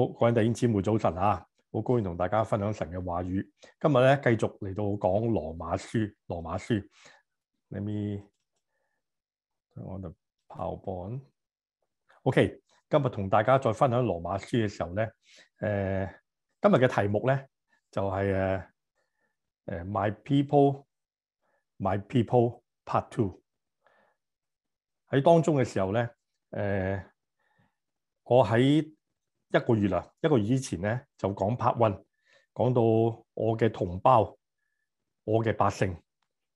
好，各位弟兄姊妹早晨啊！好高興同大家分享神嘅話語。今日咧繼續嚟到講羅馬書，羅馬書。你 e 我就拋磅。O.K. 今日同大家再分享羅馬書嘅時候咧，誒、呃，今日嘅題目咧就係誒誒，My People，My People Part Two。喺當中嘅時候咧，誒、呃，我喺。一個月喇，一個月之前咧就講 part one，講到我嘅同胞，我嘅百姓。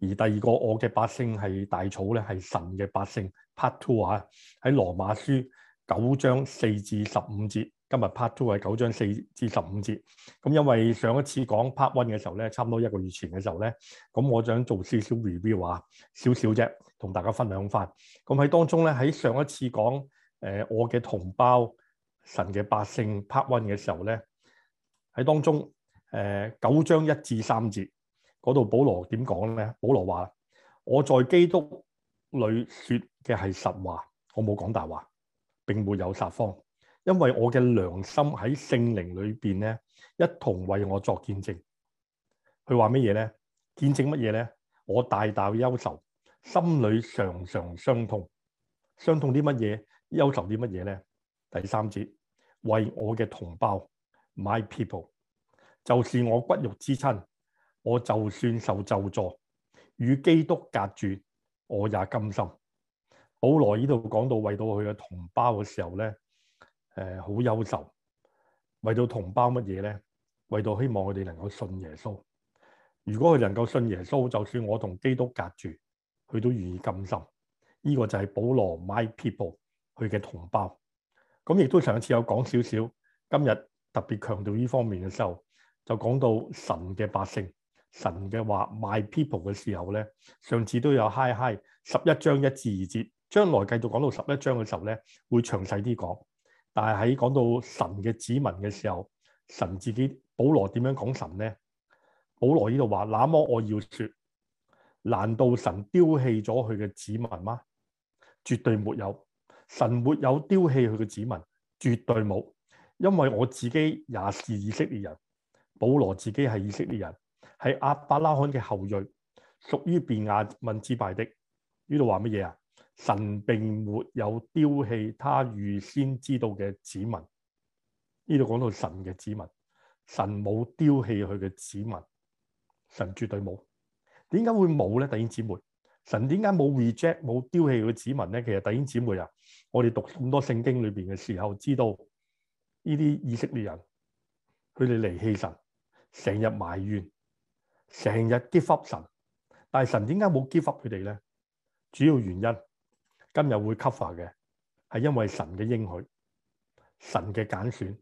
而第二個我嘅百姓係大草咧，係神嘅百姓。Part two 啊，喺羅馬書九章四至十五節。今日 part two 係九章四至十五節。咁、嗯、因為上一次講 part one 嘅時候咧，差唔多一個月前嘅時候咧，咁、嗯、我想做少少 review 啊，少少啫，同大家分享返。咁、嗯、喺當中咧，喺上一次講誒、呃、我嘅同胞，神嘅百姓 part one 嘅時候咧，喺當中誒、呃、九章一至三節嗰度，保羅點講咧？保羅話：我在基督裏說嘅係實話，我冇講大話，並沒有撒謊，因為我嘅良心喺聖靈裏邊咧，一同為我作見證。佢話乜嘢咧？見證乜嘢咧？我大大憂愁，心裏常常傷痛。傷痛啲乜嘢？憂愁啲乜嘢咧？第三節，為我嘅同胞 my people，就是我骨肉之親。我就算受咒詛與基督隔住，我也甘心。保羅呢度講到為到佢嘅同胞嘅時候咧，誒、呃、好憂愁。為到同胞乜嘢咧？為到希望佢哋能夠信耶穌。如果佢能夠信耶穌，就算我同基督隔住，佢都願意甘心。呢、這個就係保羅 my people，佢嘅同胞。咁亦都上次有講少少，今日特別強調呢方面嘅時候，就講到神嘅百姓，神嘅話 My people 嘅時候咧，上次都有嗨嗨，十一章一字二節，將來繼續講到十一章嘅時候咧，會詳細啲講。但係喺講到神嘅子民嘅時候，神自己保羅點樣講神咧？保羅呢度話，那麼我要說，難道神丟棄咗佢嘅子民嗎？絕對沒有。神沒有丟棄佢嘅子民，絕對冇，因為我自己也是以色列人，保羅自己係以色列人，係阿伯拉罕嘅後裔，屬於便雅憫支派的。呢度話乜嘢啊？神並沒有丟棄他預先知道嘅子民。呢度講到神嘅子民，神冇丟棄佢嘅子民，神絕對冇。點解會冇咧？弟兄姊妹？神點解冇 reject 冇丟棄佢子民呢？其實弟兄姊妹啊，我哋讀咁多聖經裏邊嘅時候，知道呢啲以色列人，佢哋離棄神，成日埋怨，成日 give up 神，但係神點解冇 give up 佢哋呢？主要原因今日會 cover 嘅，係因為神嘅應許、神嘅揀選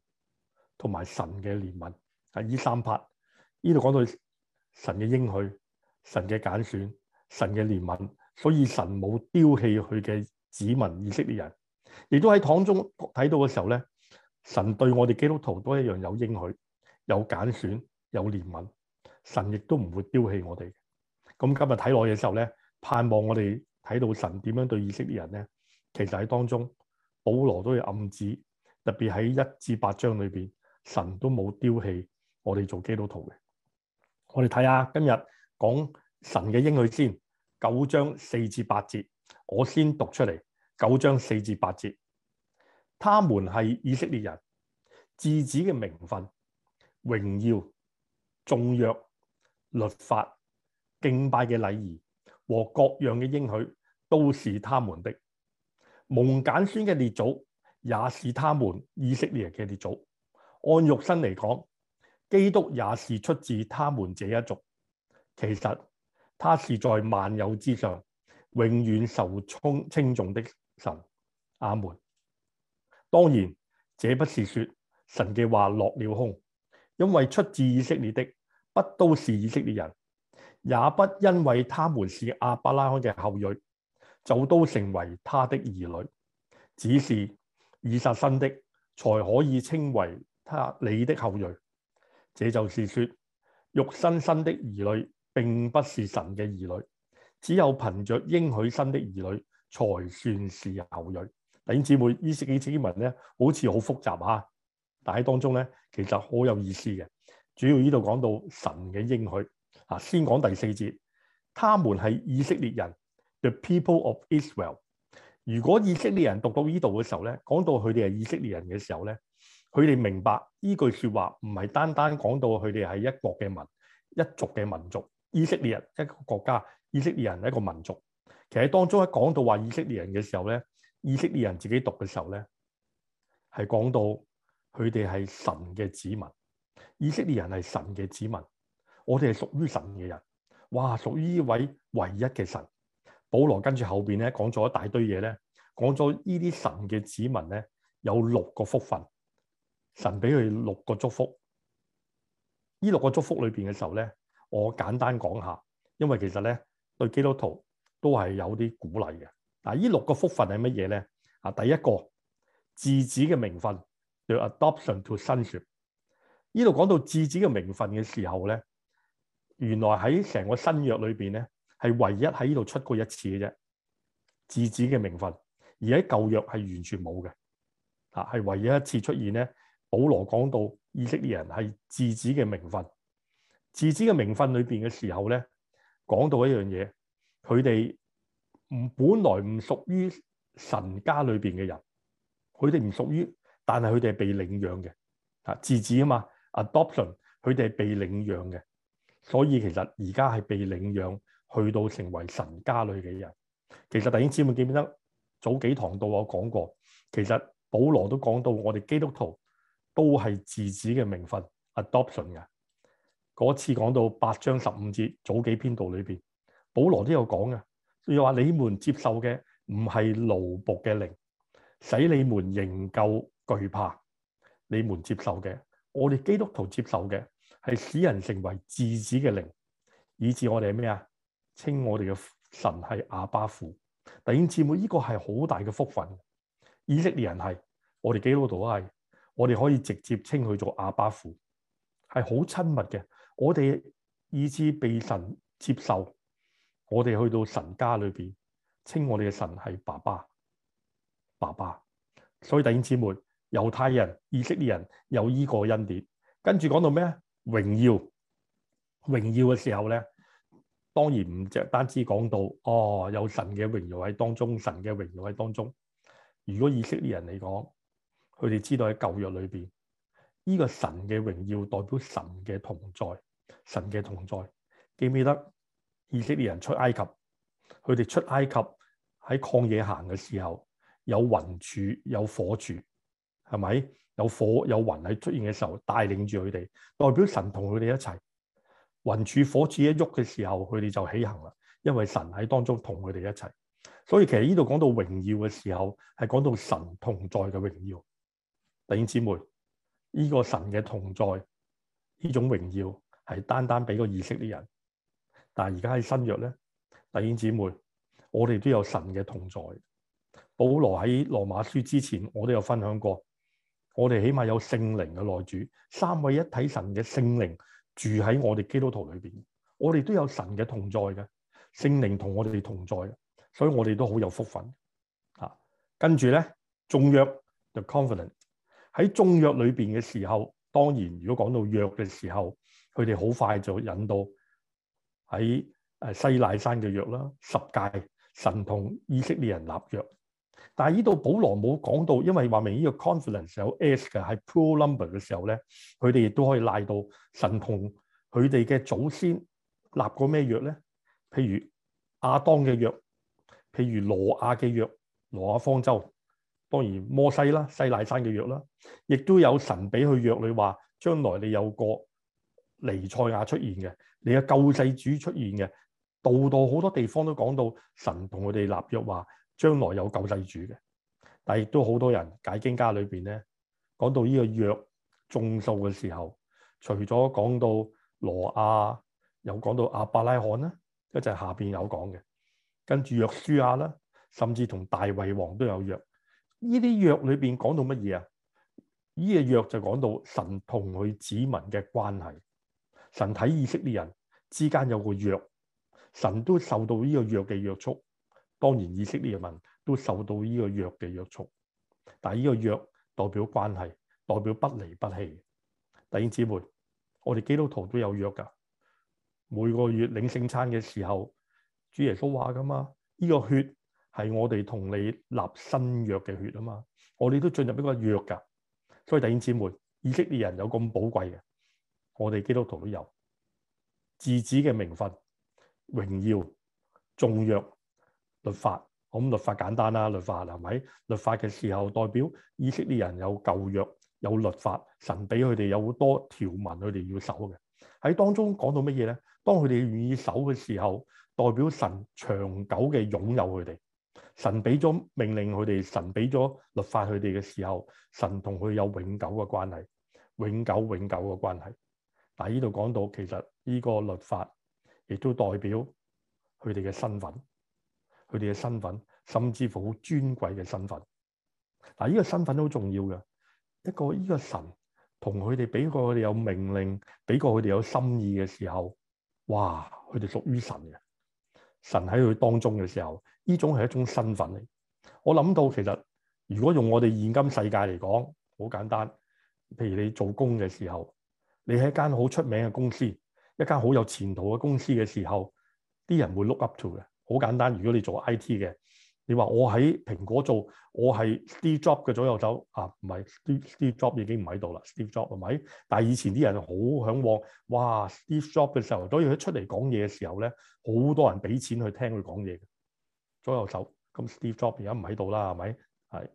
同埋神嘅憐憫啊！呢三 part，呢度講到神嘅應許、神嘅揀選。神嘅憐憫，所以神冇丟棄佢嘅子民以色列人，亦都喺堂中睇到嘅時候咧，神對我哋基督徒都一樣有應許、有揀選、有憐憫，神亦都唔會丟棄我哋。咁今日睇落嘅時候咧，盼望我哋睇到神點樣對以色列人咧，其實喺當中保羅都有暗指，特別喺一至八章裏邊，神都冇丟棄我哋做基督徒嘅。我哋睇下今日講神嘅應許先。九章四至八節，我先讀出嚟。九章四至八節，他們係以色列人，自子嘅名分、榮耀、重約、律法、敬拜嘅禮儀和各樣嘅應許，都是他們的。蒙揀選嘅列祖，也是他們以色列人嘅列祖。按肉身嚟講，基督也是出自他們這一族。其實。他是在萬有之上，永遠受稱頌的神，阿門。當然，這不是說神嘅話落了空，因為出自以色列的不都是以色列人，也不因為他們是阿伯拉罕嘅後裔就都成為他的兒女。只是以撒生的才可以稱為他你的後裔。這就是說，肉身生的兒女。並不是神嘅兒女，只有憑着應許生的兒女才算是後裔。弟兄姊妹，以色呢幾節經文咧，好似好複雜哈，但喺當中咧，其實好有意思嘅。主要呢度講到神嘅應許。嗱，先講第四節，他們係以色列人，the people of Israel。如果以色列人讀到呢度嘅時候咧，講到佢哋係以色列人嘅時候咧，佢哋明白呢句說話唔係單單講到佢哋係一國嘅民、一族嘅民族。以色列人一個國家，以色列人一個民族。其實當中喺講到話以色列人嘅時候咧，以色列人自己讀嘅時候咧，係講到佢哋係神嘅子民。以色列人係神嘅子民，我哋係屬於神嘅人。哇，屬於呢位唯一嘅神。保羅跟住後邊咧講咗一大堆嘢咧，講咗呢啲神嘅子民咧，有六個福分，神俾佢六個祝福。呢六個祝福裏邊嘅時候咧，我簡單講下，因為其實咧對基督徒都係有啲鼓勵嘅。嗱，依六個福分係乜嘢咧？啊，第一個嗣子嘅名分，叫 adoption to sonship。依度講到嗣子嘅名分嘅時候咧，原來喺成個新約裏邊咧係唯一喺呢度出過一次嘅啫。嗣子嘅名分，而喺舊約係完全冇嘅。啊，係唯一一次出現咧，保羅講到以色列人係嗣子嘅名分。自子嘅名分裏邊嘅時候咧，講到一樣嘢，佢哋唔本來唔屬於神家裏邊嘅人，佢哋唔屬於，但係佢哋係被領養嘅，啊，自子啊嘛，adoption，佢哋係被領養嘅，所以其實而家係被領養去到成為神家裏嘅人。其實弟兄姊妹記唔記得早幾堂到我講過，其實保羅都講到我哋基督徒都係自子嘅名分 adoption 嘅。Ad 嗰次講到八章十五節早幾篇道裏邊，保羅都有講嘅，佢又話你們接受嘅唔係奴僕嘅靈，使你們仍舊懼怕。你們接受嘅，我哋基督徒接受嘅係使人成為嗣子嘅靈，以致我哋係咩啊？稱我哋嘅神係阿爸父。弟兄姊妹，依、呢個係好大嘅福分。以色列人係我哋基督徒係，我哋可以直接稱佢做阿爸父，係好親密嘅。我哋以致被神接受，我哋去到神家裏邊，稱我哋嘅神係爸爸，爸爸。所以弟兄姊妹，猶太人、以色列人有呢個恩典。跟住講到咩啊？榮耀，榮耀嘅時候咧，當然唔只單止講到哦，有神嘅榮耀喺當中，神嘅榮耀喺當中。如果以色列人嚟講，佢哋知道喺舊約裏邊呢個神嘅榮耀代表神嘅同在。神嘅同在，記唔記得以色列人出埃及，佢哋出埃及喺曠野行嘅時候，有雲柱，有火柱，係咪有火有雲喺出現嘅時候帶領住佢哋，代表神同佢哋一齊。雲柱火柱一喐嘅時候，佢哋就起行啦，因為神喺當中同佢哋一齊。所以其實呢度講到榮耀嘅時候，係講到神同在嘅榮耀。弟兄姊妹，呢個神嘅同在，呢種榮耀。係單單俾個意識啲人，但係而家喺新約咧，弟兄姊妹，我哋都有神嘅同在。保羅喺羅馬書之前，我都有分享過，我哋起碼有聖靈嘅內主，三位一體神嘅聖靈住喺我哋基督徒裏邊，我哋都有神嘅同在嘅聖靈同我哋同在嘅，所以我哋都好有福分嚇。跟住咧，眾約就 confident 喺眾約裏邊嘅時候，當然如果講到約嘅時候。佢哋好快就引到喺誒西奈山嘅約啦，十誡神同以色列人立約。但係呢度保羅冇講到，因為話明呢個 confidence 有 e d g 嘅喺 pro number 嘅時候咧，佢哋亦都可以賴到神同佢哋嘅祖先立過咩約咧？譬如亞當嘅約，譬如挪亞嘅約，挪亞方舟當然摩西啦，西奈山嘅約啦，亦都有神俾佢約你話，將來你有個。尼賽亞出現嘅，你嘅救世主出現嘅，度度好多地方都講到神同佢哋立約話，將來有救世主嘅。但係亦都好多人解經家裏邊咧講到呢個約眾數嘅時候，除咗講到羅亞，又講到阿伯拉罕啦，一就下邊有講嘅，跟住約書亞啦，甚至同大衛王都有約。裏呢啲約裏邊講到乜嘢啊？呢、這個約就講到神同佢子民嘅關係。神體以色列人之間有個約，神都受到呢個約嘅約束，當然以色列人都受到呢個約嘅約束。但係呢個約代表關係，代表不離不棄。弟兄姊妹，我哋基督徒都有約噶，每個月領聖餐嘅時候，主耶穌話噶嘛，呢、個血係我哋同你立新約嘅血啊嘛，我哋都進入一個約噶。所以弟兄姊妹，以色列人有咁寶貴嘅。我哋基督徒都有兒子嘅名分、榮耀、諸約、律法。咁律法簡單啦、啊，律法係咪？律法嘅時候代表以色列人有舊約、有律法，神俾佢哋有好多條文，佢哋要守嘅。喺當中講到乜嘢咧？當佢哋願意守嘅時候，代表神長久嘅擁有佢哋。神俾咗命令佢哋，神俾咗律法佢哋嘅時候，神同佢有永久嘅關係，永久永久嘅關係。喺呢度講到，其實呢個律法亦都代表佢哋嘅身份，佢哋嘅身份甚至乎好尊貴嘅身份。嗱，呢個身份都好重要嘅。一個呢個神同佢哋俾過佢哋有命令，俾過佢哋有心意嘅時候，哇！佢哋屬於神嘅。神喺佢當中嘅時候，呢種係一種身份嚟。我諗到其實，如果用我哋現今世界嚟講，好簡單。譬如你做工嘅時候。你喺間好出名嘅公司，一間好有前途嘅公司嘅時候，啲人會 look up to 嘅。好簡單，如果你做 IT 嘅，你話我喺蘋果做，我係 Steve Jobs 嘅左右手。啊，唔係，Steve, Steve Jobs 已經唔喺度啦，Steve Jobs 係咪？但係以前啲人好嚮往，哇，Steve Jobs 嘅時候，所以佢出嚟講嘢嘅時候咧，好多人俾錢去聽佢講嘢嘅左右手。咁 Steve Jobs 而家唔喺度啦，係咪？係，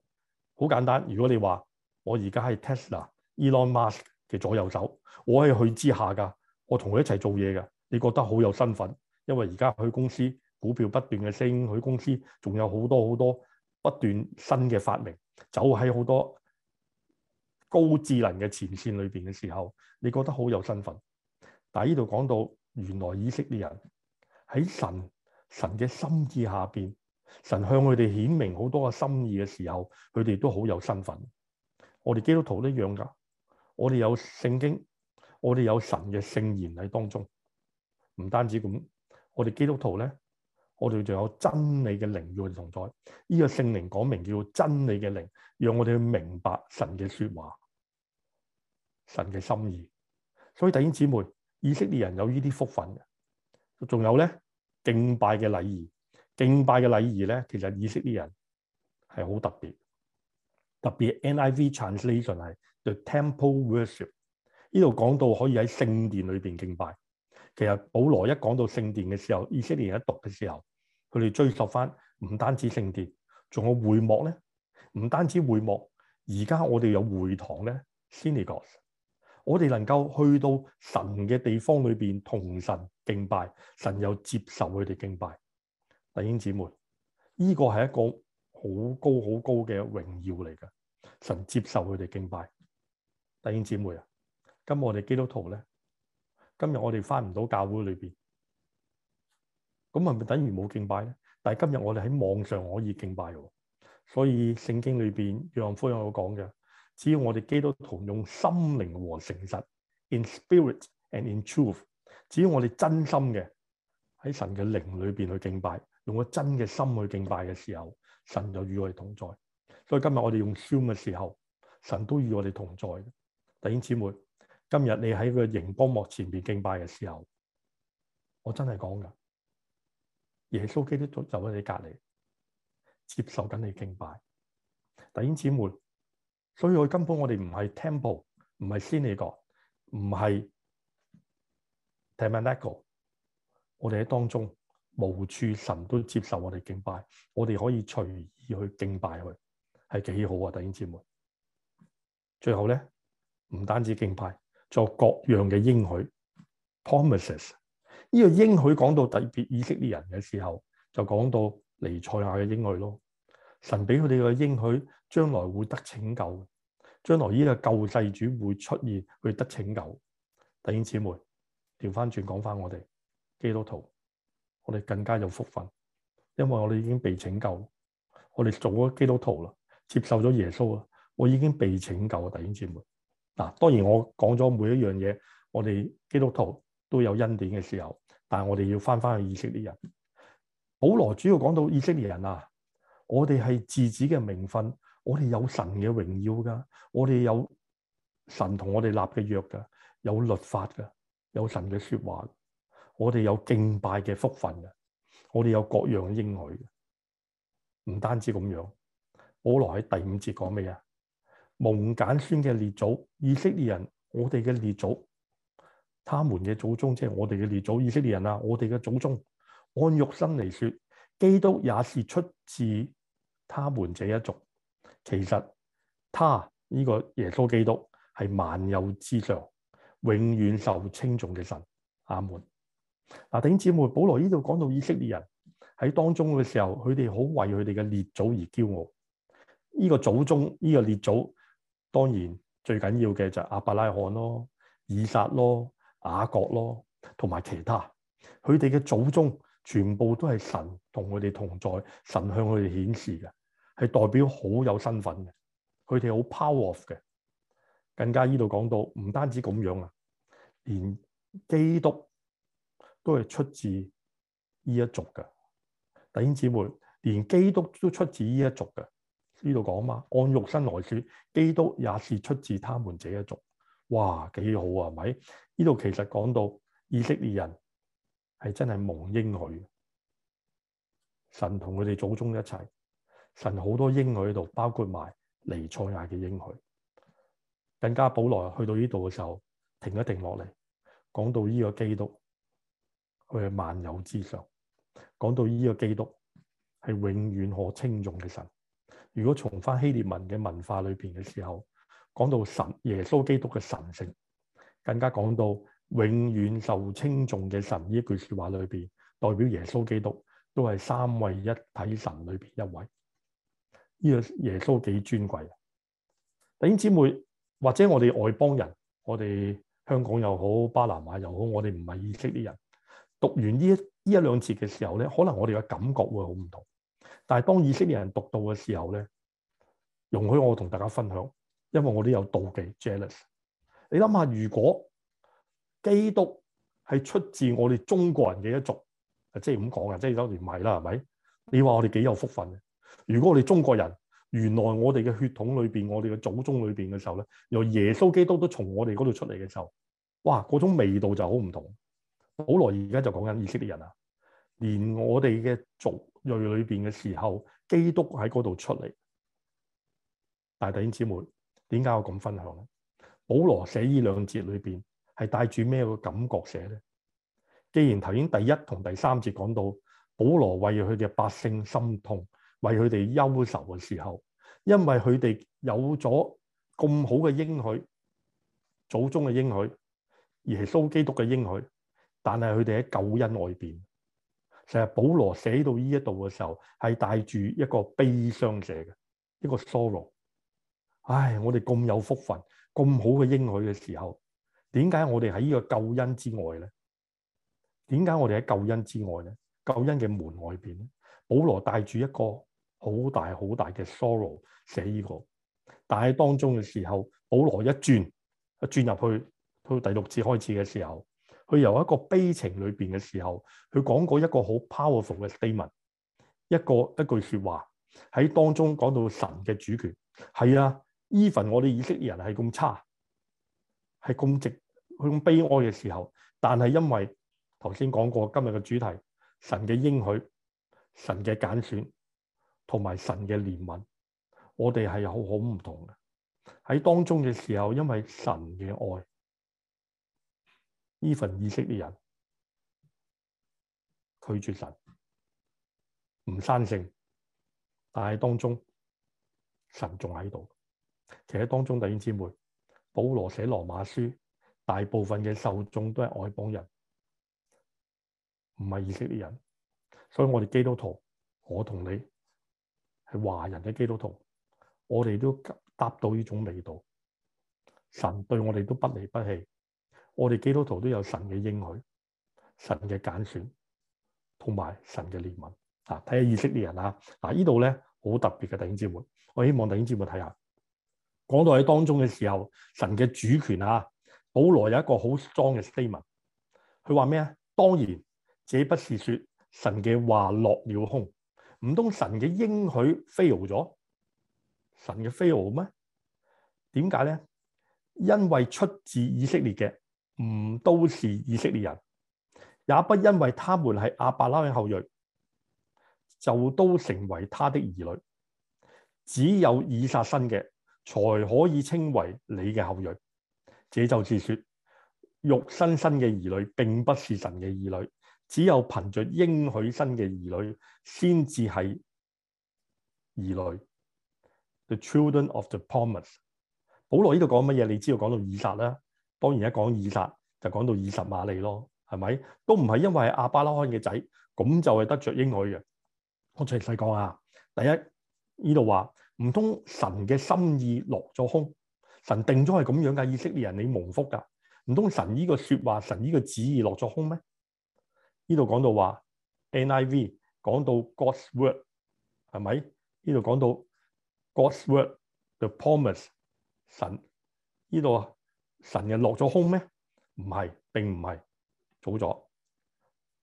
好簡單。如果你話我而家係 Tesla，Elon Musk，嘅左右手，我喺佢之下噶，我同佢一齊做嘢噶。你覺得好有身份，因為而家佢公司股票不斷嘅升，佢公司仲有好多好多不斷新嘅發明，走喺好多高智能嘅前線裏邊嘅時候，你覺得好有身份。但係呢度講到原來以色列人喺神神嘅心意下邊，神向佢哋顯明好多嘅心意嘅時候，佢哋都好有身份。我哋基督徒都一樣噶。我哋有聖經，我哋有神嘅聖言喺當中，唔單止咁，我哋基督徒咧，我哋仲有真理嘅靈要同在。呢個聖靈講明叫真理嘅靈，讓我哋去明白神嘅說話，神嘅心意。所以弟兄姊妹，以色列人有呢啲福分嘅，仲有咧敬拜嘅禮儀，敬拜嘅禮儀咧，其實以色列人係好特別，特別 NIV translation 係。就 Temple Worship，呢度講到可以喺聖殿裏邊敬拜。其實保羅一講到聖殿嘅時候，以色列人一讀嘅時候，佢哋追溯翻唔單止聖殿，仲有會幕咧。唔單止會幕，而家我哋有會堂咧。Synagogue，我哋能夠去到神嘅地方裏邊同神敬拜，神又接受佢哋敬拜。弟兄姊妹，呢、這個係一個好高好高嘅榮耀嚟嘅，神接受佢哋敬拜。弟兄姊妹啊，今日我哋基督徒咧，今日我哋返唔到教會裏邊，咁係咪等於冇敬拜咧？但係今日我哋喺網上可以敬拜喎、哦，所以聖經裏邊約翰福音有講嘅，只要我哋基督徒用心靈和誠實 （in spirit and in truth），只要我哋真心嘅喺神嘅靈裏邊去敬拜，用咗真嘅心去敬拜嘅時候，神就與我哋同在。所以今日我哋用燒嘅時候，神都與我哋同在。弟兄姊妹，今日你喺個熒光幕前面敬拜嘅時候，我真係講噶，耶穌基督就喺你隔籬，接受緊你敬拜。弟兄姊妹，所以我根本我哋唔係 temple，唔係先例國，唔係 tabernacle，我哋喺當中無處神都接受我哋敬拜，我哋可以隨意去敬拜佢，係幾好啊！弟兄姊妹，最後咧。唔單止敬拜，作各樣嘅應許 promises。呢個應許講到特別以色列人嘅時候，就講到彌賽亞嘅應許咯。神俾佢哋嘅應許，將來會得拯救。將來呢個救世主會出現，佢哋得拯救。弟兄姊妹，調返轉講返我哋基督徒，我哋更加有福分，因為我哋已經被拯救，我哋做咗基督徒啦，接受咗耶穌啦，我已經被拯救。弟兄姊妹。嗱，當然我講咗每一樣嘢，我哋基督徒都有恩典嘅時候，但係我哋要翻翻去以色列人。保羅主要講到以色列人啊，我哋係嗣子嘅名分，我哋有神嘅榮耀噶，我哋有神同我哋立嘅約噶，有律法噶，有神嘅說話，我哋有敬拜嘅福分噶，我哋有各樣應許，唔單止咁樣。保羅喺第五節講咩啊？蒙揀選嘅列祖，以色列人，我哋嘅列祖，他們嘅祖宗，即係我哋嘅列祖，以色列人啊，我哋嘅祖宗。按肉身嚟說，基督也是出自他們這一族。其實他呢、這個耶穌基督係萬有之上，永遠受稱重嘅神。阿門。嗱、啊，弟兄姊妹，保羅呢度講到以色列人喺當中嘅時候，佢哋好為佢哋嘅列祖而驕傲。呢、這個祖宗，呢、這個列祖。當然最緊要嘅就係亞伯拉罕咯、以撒咯、雅各咯，同埋其他佢哋嘅祖宗全部都係神同佢哋同在，神向佢哋顯示嘅係代表好有身份嘅，佢哋好 power of 嘅。更加依度講到，唔單止咁樣啊，連基督都係出自呢一族嘅。弟兄姊妹，連基督都出自呢一族嘅。呢度講嘛，按肉身來說，基督也是出自他們這一族。哇，幾好啊，係咪？呢度其實講到以色列人係真係蒙應許，神同佢哋祖宗一齊，神好多應許喺度，包括埋彌賽亞嘅應許。更加保羅去到呢度嘅時候，停一停落嚟，講到呢個基督佢係萬有之上，講到呢個基督係永遠可稱頌嘅神。如果重翻希伯文嘅文化裏邊嘅時候，講到神耶穌基督嘅神性，更加講到永遠受稱頌嘅神呢一句説話裏邊，代表耶穌基督都係三位一體神裏邊一位。呢、呢個耶穌幾尊貴啊！弟兄姊妹或者我哋外邦人，我哋香港又好、巴拿馬又好，我哋唔係以色列人，讀完呢一呢一兩節嘅時候咧，可能我哋嘅感覺會好唔同。但係當以色列人讀到嘅時候咧，容許我同大家分享，因為我都有妒忌，jealous。你諗下，如果基督係出自我哋中國人嘅一族，即係咁講啊，即係當然唔係啦，係咪？你話我哋幾有福分？如果我哋中國人原來我哋嘅血統裏邊，我哋嘅祖宗裏邊嘅時候咧，由耶穌基督都從我哋嗰度出嚟嘅時候，哇，嗰種味道就好唔同。保羅而家就講緊以色列人啊，連我哋嘅族裔裏邊嘅時候，基督喺嗰度出嚟。大弟兄姊妹，點解我咁分享咧？保羅寫呢兩節裏邊係帶住咩個感覺寫咧？既然頭先第一同第三節講到保羅為佢哋百姓心痛，為佢哋憂愁嘅時候，因為佢哋有咗咁好嘅應許，祖宗嘅應許，耶穌基督嘅應許，但係佢哋喺救恩外邊，成日保羅寫到呢一度嘅時候，係帶住一個悲傷寫嘅，一個 sorrow。唉，我哋咁有福分，咁好嘅應許嘅時候，點解我哋喺呢個救恩之外咧？點解我哋喺救恩之外咧？救恩嘅門外邊咧？保羅帶住一個好大好大嘅 sorrow 寫呢，這個，但係當中嘅時候，保羅一轉，一轉，轉入去到第六節開始嘅時候，佢由一個悲情裏邊嘅時候，佢講過一個好 powerful 嘅 statement，一個一句說話喺當中講到神嘅主權，係啊。Even 我哋以色列人係咁差，係咁直，係咁悲哀嘅時候，但係因為頭先講過今日嘅主題，神嘅應許、神嘅揀選同埋神嘅憐憫，我哋係好好唔同嘅。喺當中嘅時候，因為神嘅愛，Even 以色列嘅人拒絕神，唔生性，但係當中神仲喺度。其實當中弟兄姊妹，保羅寫羅馬書，大部分嘅受眾都係外邦人，唔係以色列人。所以我哋基督徒，我同你係華人嘅基督徒，我哋都搭到呢種味道。神對我哋都不離不棄，我哋基督徒都有神嘅應許、神嘅揀選同埋神嘅憐憫啊。睇下以色列人啦、啊，嗱呢度咧，好特別嘅弟兄姊妹，我希望弟兄姊妹睇下。講到喺當中嘅時候，神嘅主權啊，保羅有一個好 strong 嘅 statement，佢話咩啊？當然，這不是說神嘅話落了空，唔通神嘅應許 fail 咗，神嘅 fail 咩？點解咧？因為出自以色列嘅唔都是以色列人，也不因為他們係亞伯拉罕後裔，就都成為他的兒女。只有以撒生嘅。才可以稱為你嘅後裔，這就是說，肉身生嘅兒女並不是神嘅兒女，只有憑着應許生嘅兒女先至係兒女。The children of the promise。保羅呢度講乜嘢？你知道講到以撒啦，當然一講以撒就講到以實瑪利咯，係咪？都唔係因為亞伯拉罕嘅仔，咁就係得着應許嘅。我再細講下，第一呢度話。唔通神嘅心意落咗空，神定咗係咁樣嘅以色列人，你蒙福噶。唔通神呢個說話，神呢個旨意落咗空咩？呢度講到話 NIV 講到 God’s word 係咪？呢度講到 God’s word the promise 神呢度啊，神就落咗空咩？唔係，並唔係早咗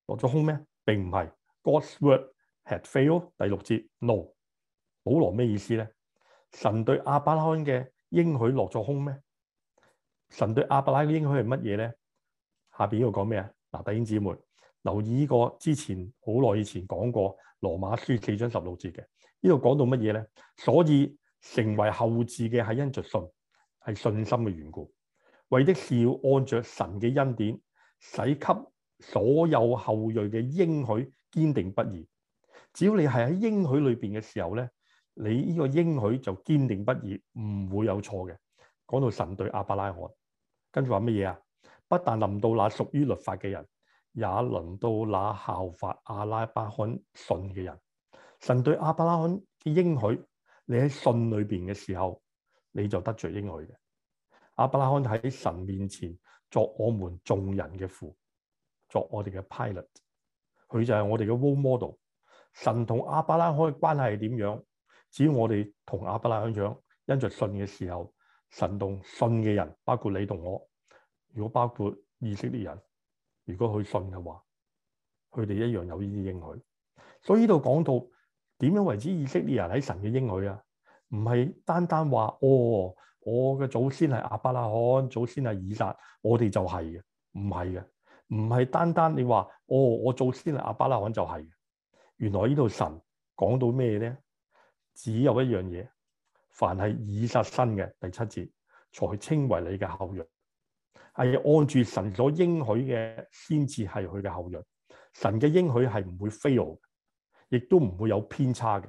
落咗空咩？並唔係 God’s word had failed 第六節 No。保羅咩意思咧？神對阿伯拉罕嘅應許落咗空咩？神對阿伯拉罕嘅應許係乜嘢咧？下邊呢度講咩啊？嗱，弟兄姊妹留意呢個之前好耐以前講過羅馬書四章十六節嘅，呢度講到乜嘢咧？所以成爲後嗣嘅係因着信，係信心嘅緣故，為的是要按着神嘅恩典，使給所有後裔嘅應許堅定不移。只要你係喺應許裏邊嘅時候咧。你呢個應許就堅定不移，唔會有錯嘅。講到神對阿伯拉罕，跟住話乜嘢呀？不但臨到那屬於律法嘅人，也臨到那效法阿伯拉罕信嘅人。神對阿伯拉罕嘅應許，你喺信裏面嘅時候，你就得罪應許嘅。阿伯拉罕喺神面前作我們眾人嘅父，作我哋嘅 pilot，佢就係我哋嘅 role model。神同阿伯拉罕嘅關係係點樣？只要我哋同亞伯拉罕一樣因着信嘅時候，神同信嘅人，包括你同我，如果包括以色列人，如果佢信嘅話，佢哋一樣有呢啲應許。所以呢度講到點樣為之以色列人喺神嘅應許啊？唔係單單話哦，我嘅祖先係亞伯拉罕，祖先係以撒，我哋就係嘅，唔係嘅，唔係單單你話哦，我祖先係亞伯拉罕就係嘅。原來呢度神講到咩咧？只有一樣嘢，凡係已實生嘅第七節才稱為你嘅後裔，係按住神所應許嘅先至係佢嘅後裔。神嘅應許係唔會 fail，亦都唔會有偏差嘅，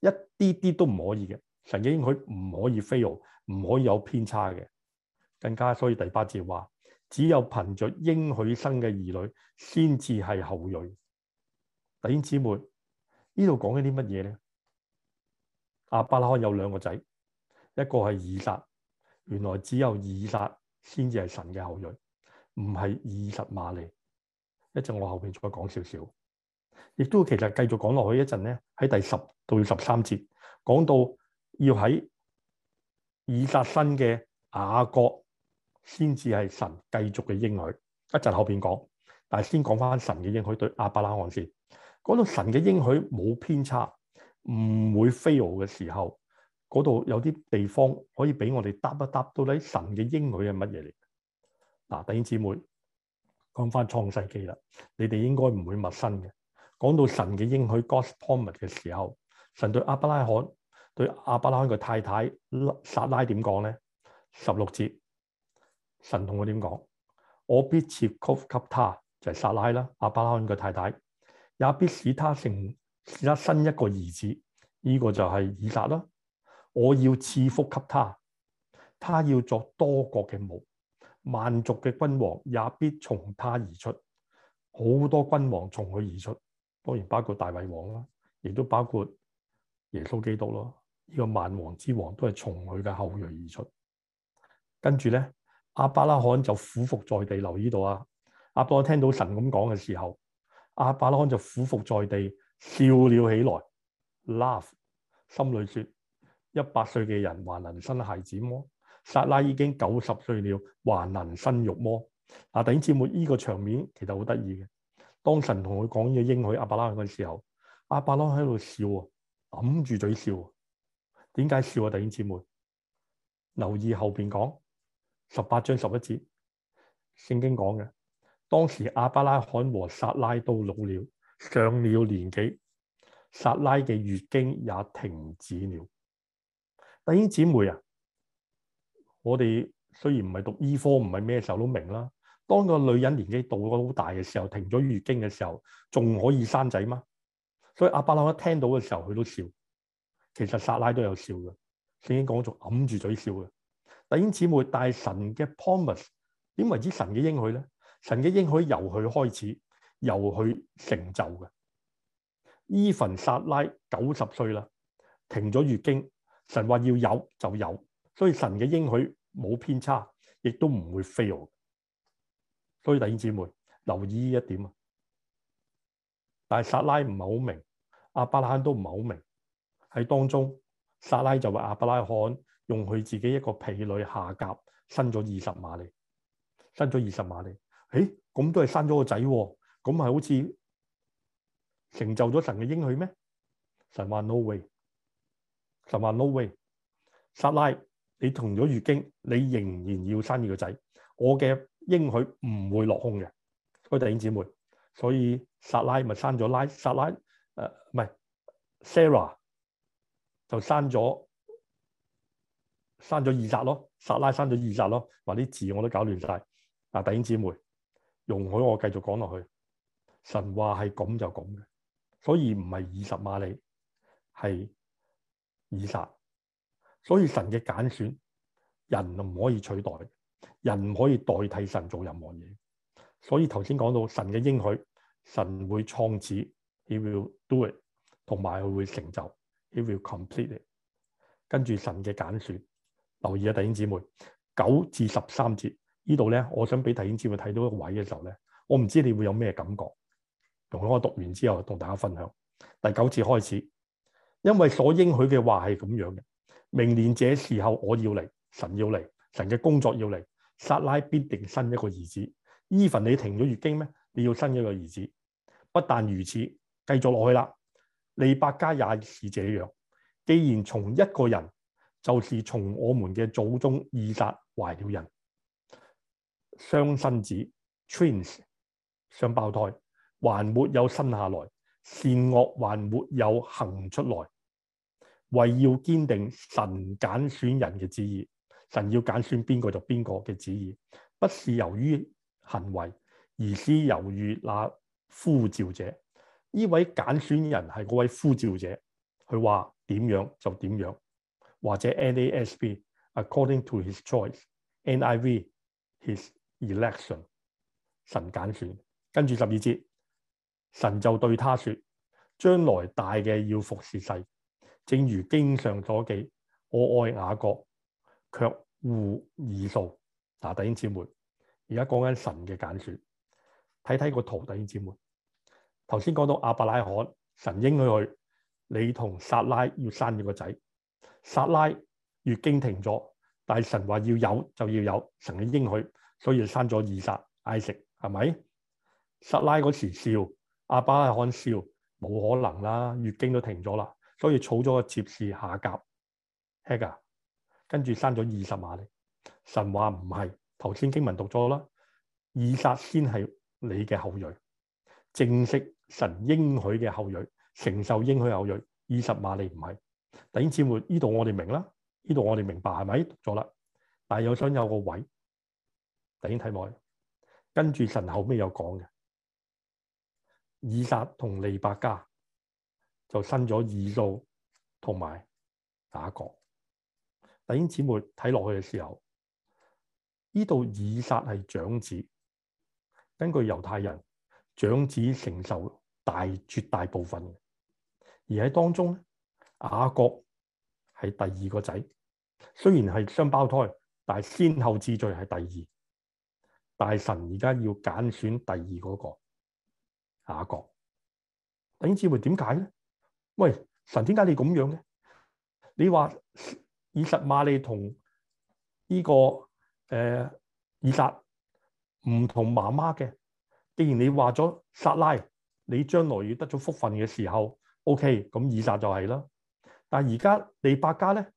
一啲啲都唔可以嘅。神嘅應許唔可以 fail，唔可以有偏差嘅。更加所以第八節話，只有憑着應許生嘅兒女先至係後裔。弟兄姊妹，呢度講緊啲乜嘢咧？阿伯拉罕有兩個仔，一個係以撒，原來只有以撒先至係神嘅後裔，唔係以實瑪利。一陣我後邊再講少少，亦都其實繼續講落去一陣咧，喺第十到十三節講到要喺以撒生嘅雅各先至係神繼續嘅應許，一陣後邊講，但係先講翻神嘅應許對阿伯拉罕先，講到神嘅應許冇偏差。唔會 fail 嘅時候，嗰度，有啲地方可以俾我哋答一答，到底神嘅應許係乜嘢嚟？嗱、啊、弟兄姊妹，講翻創世紀啦，你哋應該唔會陌生嘅。講到神嘅應許 God's promise 嘅時候，神對阿伯拉罕、對阿伯拉罕嘅太太撒拉點講咧？十六節，神同我點講？我必賜福給他，就係、是、撒拉啦，阿伯拉罕嘅太太，也必使他成。而家生一個兒子，呢、這個就係以撒啦。我要賜福給他，他要做多國嘅母，萬族嘅君王也必從他而出。好多君王從佢而出，當然包括大衛王啦，亦都包括耶穌基督咯。呢、這個萬王之王都係從佢嘅後裔而出。跟住咧，亞伯拉罕就俯伏在地，留意到啊，阿、啊、伯拉罕聽到神咁講嘅時候，亞伯拉罕就俯伏在地。笑了起來，laugh，心裏說：一百歲嘅人還能生孩子麼？撒拉已經九十歲了，還能生育麼？啊，弟兄姊妹，呢個場面其實好得意嘅。當神同佢講嘢應許阿伯拉罕嘅時候，阿伯拉罕喺度笑啊，揞住嘴笑。點解笑啊？弟兄姊妹，留意後邊講十八章十一節，聖經講嘅，當時阿伯拉罕和撒拉都老了。上了年紀，撒拉嘅月經也停止了。弟兄姊妹啊，我哋雖然唔係讀醫科，唔係咩，時候都明啦。當個女人年紀到咗好大嘅時候，停咗月經嘅時候，仲可以生仔嗎？所以亞伯拉罕一聽到嘅時候，佢都笑。其實撒拉都有笑嘅，聖經講仲揞住嘴笑嘅。弟兄姊妹，帶神嘅 promise，點為之神嘅應許咧？神嘅應許由佢開始。又去成就嘅。伊凡薩拉九十歲啦，停咗月經。神話要有就有，所以神嘅應許冇偏差，亦都唔會 fail。所以弟兄姊妹留意呢一點啊。但係薩拉唔係好明，亞伯拉罕都唔係好明。喺當中，薩拉就話亞伯拉罕用佢自己一個婢女夏甲生咗二十馬利，生咗二十馬利。誒，咁都係生咗個仔啊。咁係好似成就咗神嘅應許咩？神話 no way，神話 no way。撒拉，你同咗月經，你仍然要生二個仔。我嘅應許唔會落空嘅，各位弟兄姊妹。所以撒拉咪生咗拉，撒拉誒唔係 Sarah 就生咗生咗以撒咯，撒拉生咗以撒咯。話啲字我都搞亂晒，嗱，弟兄姊妹，容許我繼續講落去。神話係咁就咁嘅，所以唔係二十馬里係二十，所以神嘅揀選人唔可以取代，人唔可以代替神做任何嘢。所以頭先講到神嘅應許，神會創始，He will do it，同埋佢會成就，He will complete it。跟住神嘅揀選，留意啊弟兄姊妹，九至十三節呢度咧，我想俾弟兄姊妹睇到一個位嘅時候咧，我唔知你會有咩感覺。容我讀完之後，同大家分享第九次開始，因為所應許嘅話係咁樣嘅。明年這時候我要嚟，神要嚟，神嘅工作要嚟。撒拉必定生一個兒子。伊凡你停咗月經咩？你要生一個兒子。不但如此，繼續落去啦。利百加也是這樣。既然從一個人，就是從我們嘅祖宗以撒懷了人，雙生子 twins，雙胞胎。還沒有生下來，善惡還沒有行出來。為要堅定神揀選人嘅旨意，神要揀選邊個就邊個嘅旨意，不是由於行為，而是由於那呼召者。呢位揀選人係嗰位呼召者，佢話點樣就點樣，或者 NASB, according to his choice, NIV his election 神。神揀選跟住十二節。神就對他說：將來大嘅要服侍細，正如經上所記：我愛雅各，卻護以掃。嗱，弟兄姊妹，而家講緊神嘅揀選，睇睇個圖，弟兄姊妹。頭先講到阿伯拉罕，神應佢去，去，你同撒拉要生咗個仔。撒拉月經停咗，但係神話要有就要有，神應佢，所以就生咗以撒、艾食，係咪？撒拉嗰時笑。阿爸係看笑，冇可能啦！月經都停咗啦，所以儲咗個妾侍夏甲，Hagar 啊，跟住生咗以實瑪利。神話，唔係頭先經文讀咗啦，以撒先係你嘅後裔，正式神應許嘅後裔，承受應許後裔。以實瑪利唔係。弟兄姊妹，呢度我哋明啦，呢度我哋明白係咪？讀咗啦，但係又想有個位，弟睇落去，跟住神後面有講嘅。以撒同利百加就生咗以掃同埋雅各。弟兄姊妹睇落去嘅時候，呢度以撒係長子，根據猶太人長子承受大絕大部分。而喺當中咧，雅各係第二個仔，雖然係雙胞胎，但係先後次序係第二。大神而家要揀選第二嗰、那個。亞國？等智會點解咧？喂，神點解你咁樣嘅？你話以實瑪利同呢、這個誒、呃、以撒唔同媽媽嘅。既然你話咗撒拉，你將來要得咗福分嘅時候，OK，咁以撒就係啦。但係而家利百加咧，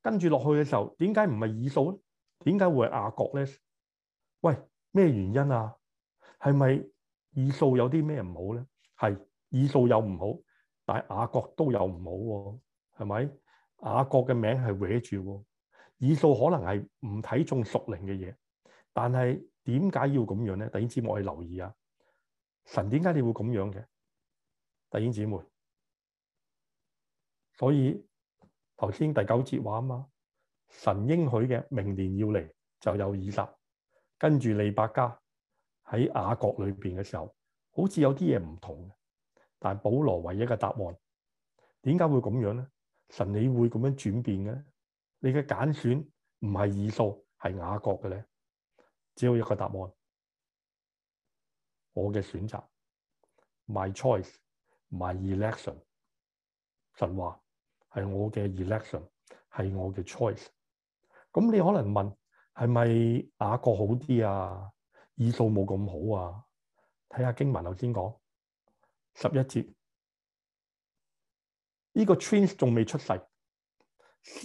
跟住落去嘅時候，點解唔係以掃咧？點解會係亞國咧？喂，咩原因啊？係咪？以掃有啲咩唔好咧？係以掃有唔好，但係雅各都有唔好、哦，係咪？雅各嘅名係歪住，以掃可能係唔睇中屬靈嘅嘢。但係點解要咁樣咧？弟兄姊妹，我哋留意啊！神點解你會咁樣嘅？弟兄姊妹，所以頭先第九節話啊嘛，神應許嘅明年要嚟就有以撒，跟住利百加。喺雅各裏邊嘅時候，好似有啲嘢唔同嘅。但係保羅唯一嘅答案，點解會咁樣咧？神你會咁樣轉變嘅咧？你嘅揀選唔係異數，係雅各嘅咧？只有一個答案，我嘅選擇，my choice，my election。神話係我嘅 election，係我嘅 choice。咁你可能問，係咪雅各好啲啊？以掃冇咁好啊！睇下經文，頭先講十一節。呢個 twins 仲未出世，善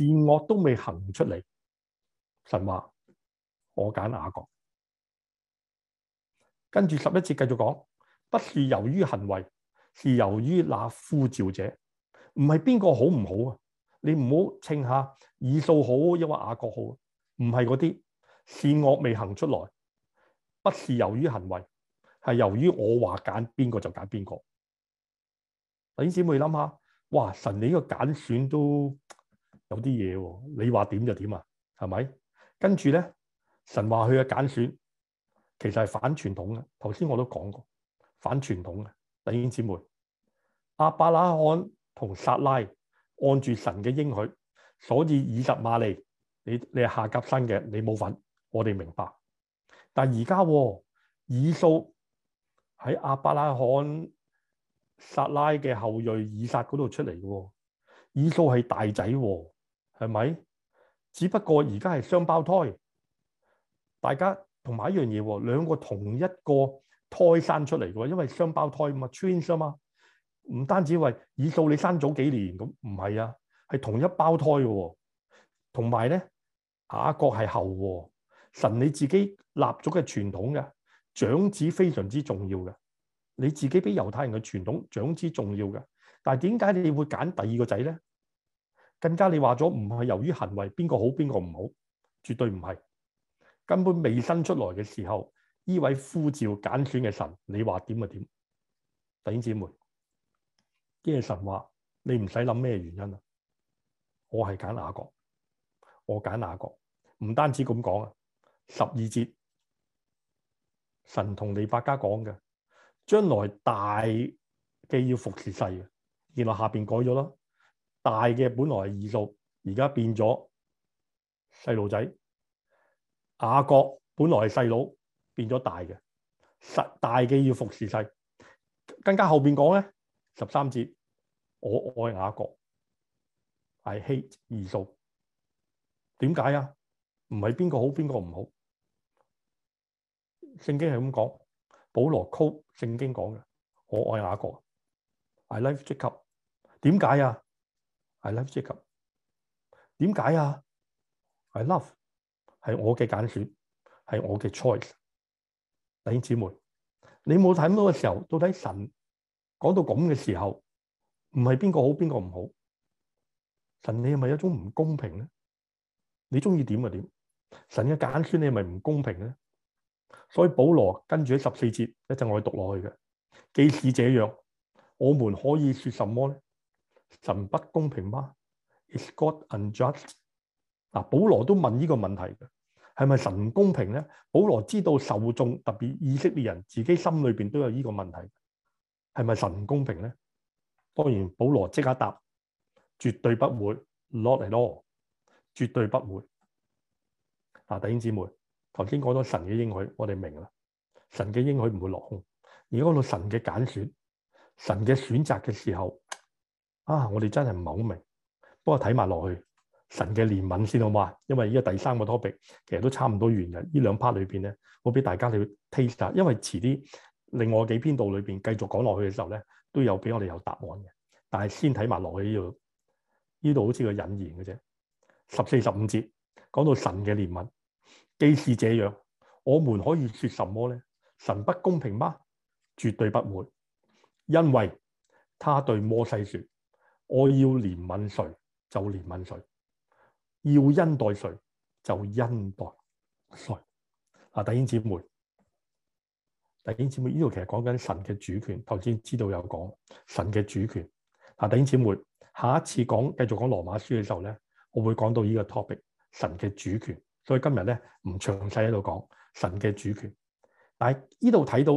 惡都未行出嚟。神話我揀雅各。跟住十一節繼續講，不是由於行為，是由於那呼召者。唔係邊個好唔好啊？你唔好稱下以掃好抑或雅各好，唔係嗰啲善惡未行出來。不是由於行為，係由於我話揀邊個就揀邊個。弟兄姊妹諗下，哇！神你呢個揀選都有啲嘢喎，你話點就點啊，係咪？跟住咧，神話佢嘅揀選其實係反傳統嘅。頭先我都講過，反傳統嘅。弟兄姊妹，亞伯拉罕同撒拉按住神嘅應許，所以以實瑪利，你你係夏甲生嘅，你冇份。我哋明白。但而家以掃喺阿伯拉罕撒拉嘅後裔以撒嗰度出嚟嘅，以掃係大仔，哦，係咪？只不過而家係雙胞胎，大家同埋一樣嘢，兩個同一個胎生出嚟嘅，因為雙胞胎嘛，twins 啊嘛，唔單止為以掃你生早幾年咁，唔係啊，係同一胞胎嘅，哦，同埋咧雅各係後。神你自己立咗嘅傳統嘅長子非常之重要嘅，你自己比猶太人嘅傳統長子重要嘅。但係點解你會揀第二個仔咧？更加你話咗唔係由於行為邊個好邊個唔好，絕對唔係。根本未生出來嘅時候，呢位呼召揀選嘅神，你話點就點。弟兄姊妹，呢個神話你唔使諗咩原因啦，我係揀哪個，我揀哪個，唔單止咁講啊！十二節，神同利百加講嘅，將來大嘅要服侍細嘅。原來下邊改咗啦，大嘅本來係二數，而家變咗細路仔。雅各本來係細佬，變咗大嘅。實大嘅要服侍細。更加後邊講咧，十三節，我愛雅各，I hate 二數。點解啊？唔係邊個好，邊個唔好？聖經係咁講，保羅曲聖經講嘅，我愛雅各。I love Jacob。點解啊？I love Jacob。點解啊？I love 係我嘅揀選，係我嘅 choice。弟兄姊妹，你冇睇到嘅時候，到底神講到咁嘅時候，唔係邊個好邊個唔好？神你係咪一種唔公平咧？你中意點就點，神嘅揀選你係咪唔公平咧？所以保羅跟住喺十四節一陣我要讀落去嘅，即使這樣，我們可以說什麼咧？神不公平嗎？Is God unjust？嗱，保羅都問呢個問題嘅，係咪神唔公平咧？保羅知道受眾特別以色列人自己心裏邊都有呢個問題，係咪神唔公平咧？當然保羅即刻答，絕對不會，not at all，絕對不會。啊，弟兄姊妹。頭先講到神嘅應許，我哋明啦，神嘅應許唔會落空。而家講到神嘅揀選、神嘅選擇嘅時候，啊，我哋真係唔係好明。不過睇埋落去，神嘅憐憫先好嘛。因為依家第三個 topic 其實都差唔多完嘅。兩面呢兩 part 裏邊咧，我俾大家去 taste 下。因為遲啲另外幾篇道裏邊繼續講落去嘅時候咧，都有俾我哋有答案嘅。但係先睇埋落去呢度，呢度好似個引言嘅啫。十四、十五節講到神嘅憐憫。既是這樣，我們可以說什麼呢？神不公平嗎？絕對不會，因為他對摩西說：我要憐憫誰就憐憫誰，要恩待誰就恩待誰。啊，弟兄姊妹，弟兄姊妹，呢度其實講緊神嘅主權。頭先知道有講神嘅主權。啊，弟兄姊妹，下一次講繼續講羅馬書嘅時候咧，我會講到呢個 topic 神嘅主權。所以今日咧唔詳細喺度講神嘅主權，但係呢度睇到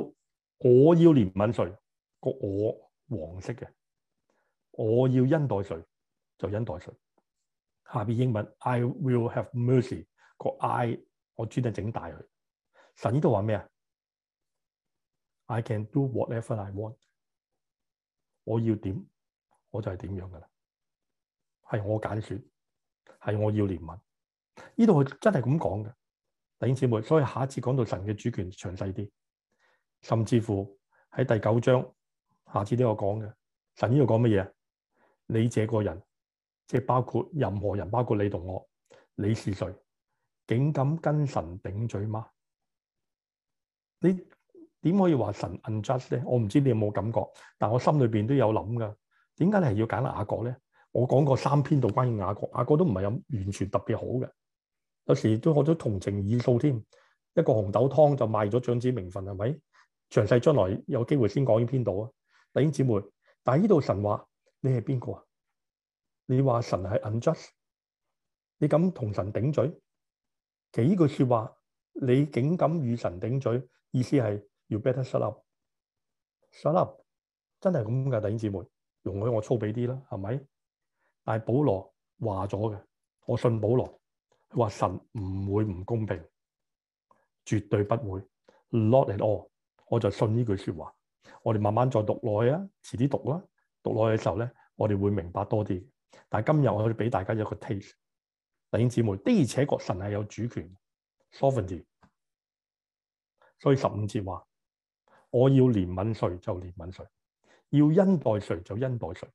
我要憐憫誰個我黃色嘅，我要恩待誰就恩待誰。下邊英文 I will have mercy 個 I 我專登整大佢。神呢度話咩啊？I can do whatever I want 我。我要點我就係點樣噶啦，係我揀選，係我要憐憫。呢度真係咁講嘅，弟兄姊妹。所以下一次講到神嘅主權詳細啲，甚至乎喺第九章下次都有講嘅。神呢度講乜嘢？你這個人即係包括任何人，包括你同我，你是誰？竟敢跟神頂嘴嗎？你點可以話神 unjust 呢？我唔知你有冇感覺，但我心裏邊都有諗噶。點解你係要揀雅各呢？我講過三篇道關於雅各，雅各都唔係有完全特別好嘅。有時都學咗同情以掃添，一個紅豆湯就賣咗長子名分，係咪？詳細將來有機會先講呢篇道啊，弟兄姊妹。但係呢度神話你係邊個啊？你話神係 unjust，你敢同神頂嘴？幾句說話，你竟敢與神頂嘴？意思係 you better shut up，shut up，真係咁噶，弟兄姊妹。容許我粗鄙啲啦，係咪？但係保羅話咗嘅，我信保羅。佢話神唔會唔公平，絕對不會。Not at all，我就信呢句說話。我哋慢慢再讀耐啊，遲啲讀啦。讀耐嘅時候咧，我哋會明白多啲。但係今日我哋俾大家一個 taste，弟兄姊妹，的而且確神係有主權 （sovereignty）。所以十五節話：我要憐憫誰就憐憫誰，要恩待誰就恩待誰。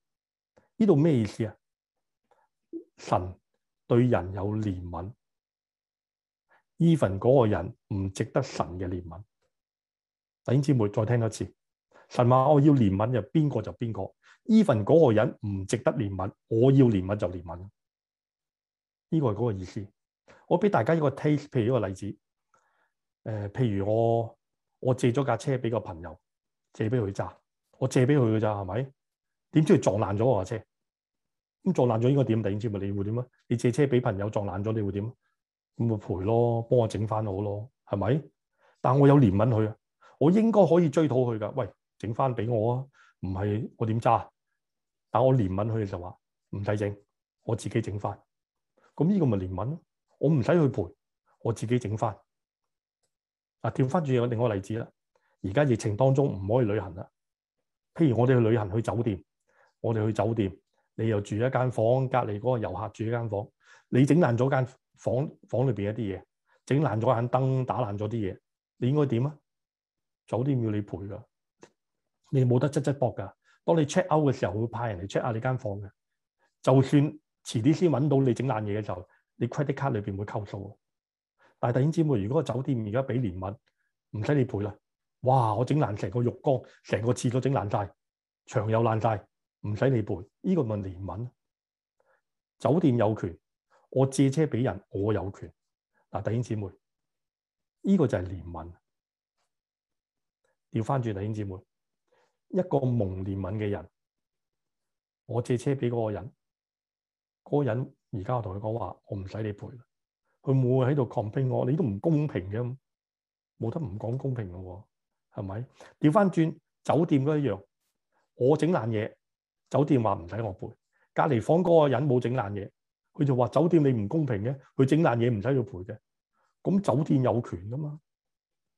呢度咩意思啊？神。對人有憐憫，even 嗰個人唔值得神嘅憐憫。弟兄姊妹，再聽多次，神話我要憐憫誰就邊個就邊個，even 嗰個人唔值得憐憫，我要憐憫就憐憫。呢、這個係嗰個意思。我俾大家一個 taste，譬如一個例子，誒、呃，譬如我我借咗架車俾個朋友，借俾佢揸，我借俾佢嘅咋係咪？點知佢撞爛咗我架車？咁撞爛咗應該點定？知唔知？你會點啊？你借車俾朋友撞爛咗，你會點？咁咪賠咯，幫我整翻好咯，係咪？但我有憐憫佢啊，我應該可以追討佢噶。喂，整翻俾我啊！唔係我點揸？但我憐憫佢就話唔使整，我自己整翻。咁呢個咪憐憫咯？我唔使去賠，我自己整翻。啊，調翻轉有另外個例子啦。而家疫情當中唔可以旅行啦。譬如我哋去旅行去酒店，我哋去酒店。你又住一間房，隔離嗰個遊客住一間房，你整爛咗間房房裏邊一啲嘢，整爛咗眼燈，打爛咗啲嘢，你應該點啊？酒店要你賠㗎，你冇得質質駁㗎。當你 check out 嘅時候，會派人嚟 check 下你間房嘅。就算遲啲先揾到你整爛嘢嘅時候，你 credit card 裏邊會扣數。但係，弟兄姊妹，如果個酒店而家俾憐憫，唔使你賠啦。哇！我爛整爛成個浴缸，成個廁所整爛晒，牆又爛晒。唔使你賠，呢、這個咪係憐憫。酒店有權，我借車俾人，我有權。嗱，弟兄姊妹，呢、這個就係憐憫。調翻轉，弟兄姊妹，一個蒙憐憫嘅人，我借車俾嗰個人，嗰、那個人而家我同佢講話，我唔使你賠，佢會唔會喺度抗辯我？你都唔公平嘅，冇得唔講公平嘅喎、哦，係咪？調翻轉，酒店都一樣，我整爛嘢。酒店話唔使我賠，隔籬房嗰個人冇整爛嘢，佢就話，酒店你唔公平嘅，佢整爛嘢唔使佢賠嘅。咁酒店有權噶嘛？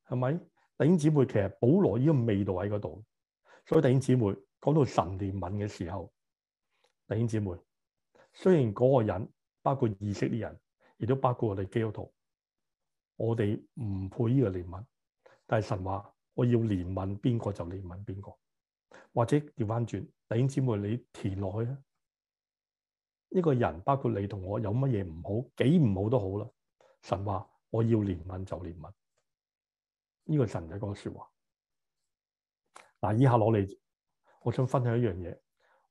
係咪？弟兄姊妹，其實保羅依個味道喺嗰度。所以弟兄姊妹講到神憐憫嘅時候，弟兄姊妹，雖然嗰個人包括意識啲人，亦都包括我哋基督徒，我哋唔配呢個憐憫，但係神話我要憐憫邊個就憐憫邊個，或者調翻轉。弟兄姊妹，你填落去啊！呢個人包括你同我有乜嘢唔好，幾唔好都好啦。神話我要憐憫就憐憫，呢個神仔講說話。嗱，以下攞嚟，我想分享一樣嘢。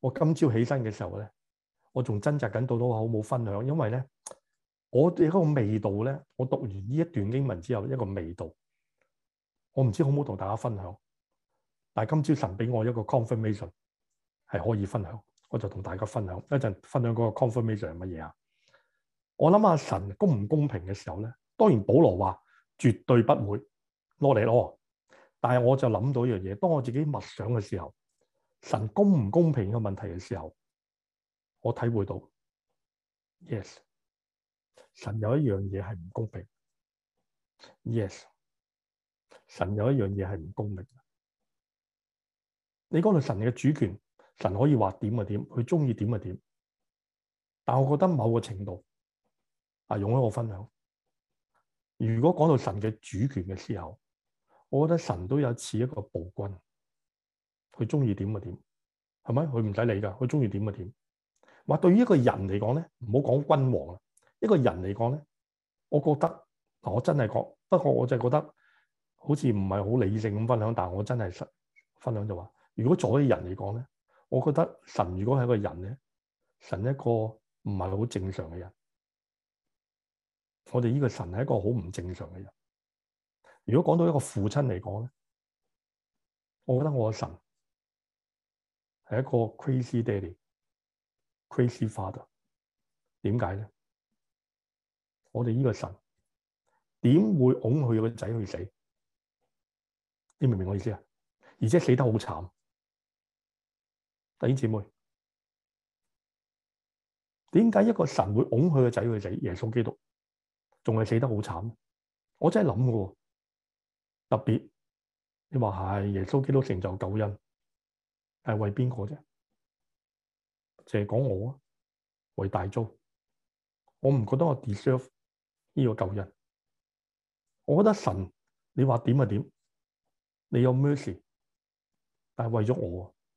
我今朝起身嘅時候咧，我仲掙扎緊到到我好冇分享，因為咧，我哋嗰個味道咧，我讀完呢一段經文之後一個味道，我唔知好唔好同大家分享。但係今朝神俾我一個 confirmation。係可以分享，我就同大家分享。一陣分享嗰個 confirmation 係乜嘢啊？我諗下神公唔公平嘅時候咧，當然保羅話絕對不會攞嚟攞。但係我就諗到一樣嘢，當我自己默想嘅時候，神公唔公平嘅問題嘅時候，我體會到 Yes，神有一樣嘢係唔公平。Yes，神有一樣嘢係唔公平。你講到神嘅主權。神可以話點就點，佢中意點就點。但我覺得某個程度啊，用喺我分享。如果講到神嘅主權嘅時候，我覺得神都有似一個暴君，佢中意點就點，係咪？佢唔使理噶，佢中意點就點。話對於一個人嚟講咧，唔好講君王啦，一個人嚟講咧，我覺得我真係講，不過我就覺得好似唔係好理性咁分享。但我真係實分享就話，如果做咗人嚟講咧。我覺得神如果係一個人咧，神一個唔係好正常嘅人，我哋呢個神係一個好唔正常嘅人。如果講到一個父親嚟講咧，我覺得我嘅神係一個 crazy daddy，crazy father。點解咧？我哋呢個神點會拱佢個仔去死？你明唔明我意思啊？而且死得好慘。弟兄姊妹，點解一個神會拱佢個仔去死？耶穌基督，仲係死得好慘？我真係諗過，特別你話係耶穌基督成就救恩，係為邊個啫？淨係講我啊，為大眾，我唔覺得我 deserve 呢個救恩。我覺得神，你話點就點，你有 mercy，但係為咗我。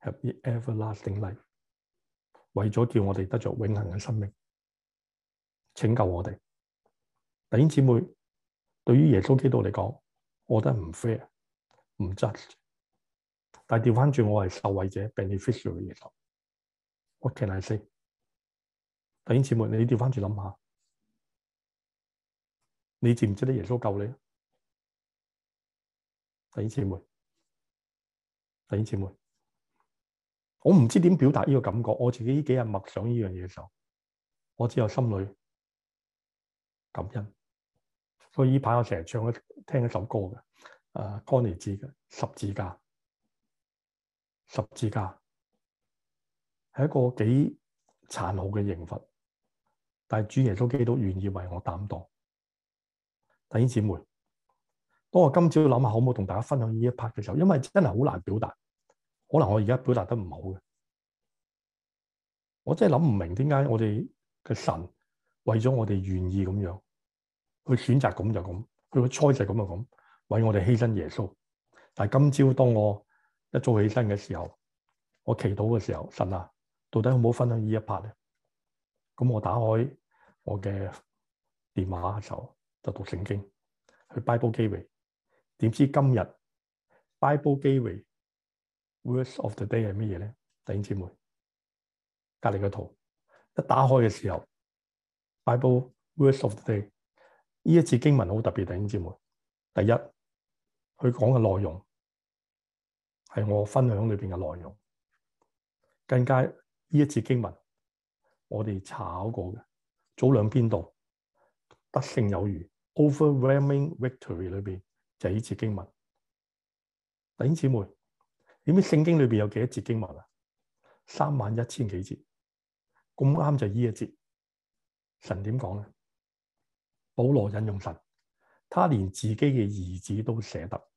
Have everlasting life，為咗叫我哋得着永恆嘅生命，拯救我哋。弟兄姊妹，對於耶穌基督嚟講，我覺得唔 fair 唔 just。但係，調翻轉，我係受惠者 beneficiary 耶穌。What can I say，弟兄姊妹，你調翻轉諗下，你知唔知得耶穌救你？弟兄姊妹，弟兄姊妹。我唔知點表達呢個感覺，我自己呢幾日默想呢樣嘢嘅時候，我只有心裏感恩。所以呢排我成日唱一聽一首歌嘅，誒，Johnny J 嘅《十字架》，十字架係一個幾殘酷嘅刑罰，但係主耶穌基督願意為我擔當。弟兄姊妹，當我今朝要諗下可唔可同大家分享呢一 part 嘅時候，因為真係好難表達。可能我而家表達得唔好嘅，我真係諗唔明點解我哋嘅神為咗我哋願意咁樣，去選擇咁就咁，佢個差事咁就咁，為我哋犧牲耶穌。但係今朝當我一早起身嘅時候，我祈禱嘅時候，神啊，到底好唔好分享一分呢一 part 咧？咁我打開我嘅電話就就讀聖經，去 Bible Gateway，點知今日 Bible Gateway。Words of the day 係乜嘢呢？弟兄姊妹，隔籬個圖一打開嘅時候，Bible Words of the day，呢一次經文好特別。弟兄姊妹，第一，佢講嘅內容係我分享裏面嘅內容，更加呢一次經文我哋查過嘅，早兩篇度得勝有餘，Overwhelming Victory 裏面，就係呢次經文。弟兄姊妹。點解聖經裏面有幾多節經文啊？三萬一千幾節，咁啱就呢一節。神點講咧？保羅引用神，他連自己嘅兒子都捨得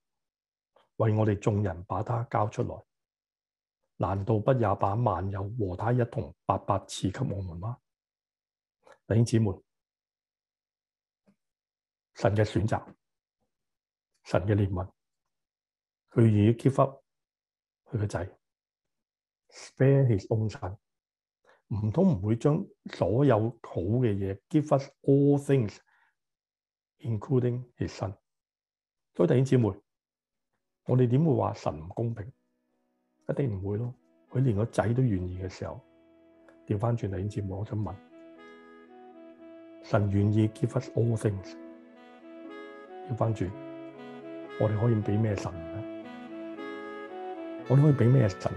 為我哋眾人把他交出來，難道不也把萬有和他一同白白賜給我們嗎？弟兄姊妹，神嘅選擇，神嘅憐憫，佢願意 give up。佢個仔 spare his own son，唔通唔會將所有好嘅嘢 give us all things，including his son。所以弟兄姊妹，我哋點會話神唔公平？一定唔會咯。佢連個仔都願意嘅時候，調返轉弟兄姊妹，我想問：神願意 give us all things，調返轉，我哋可以俾咩神？我哋可以俾咩贈？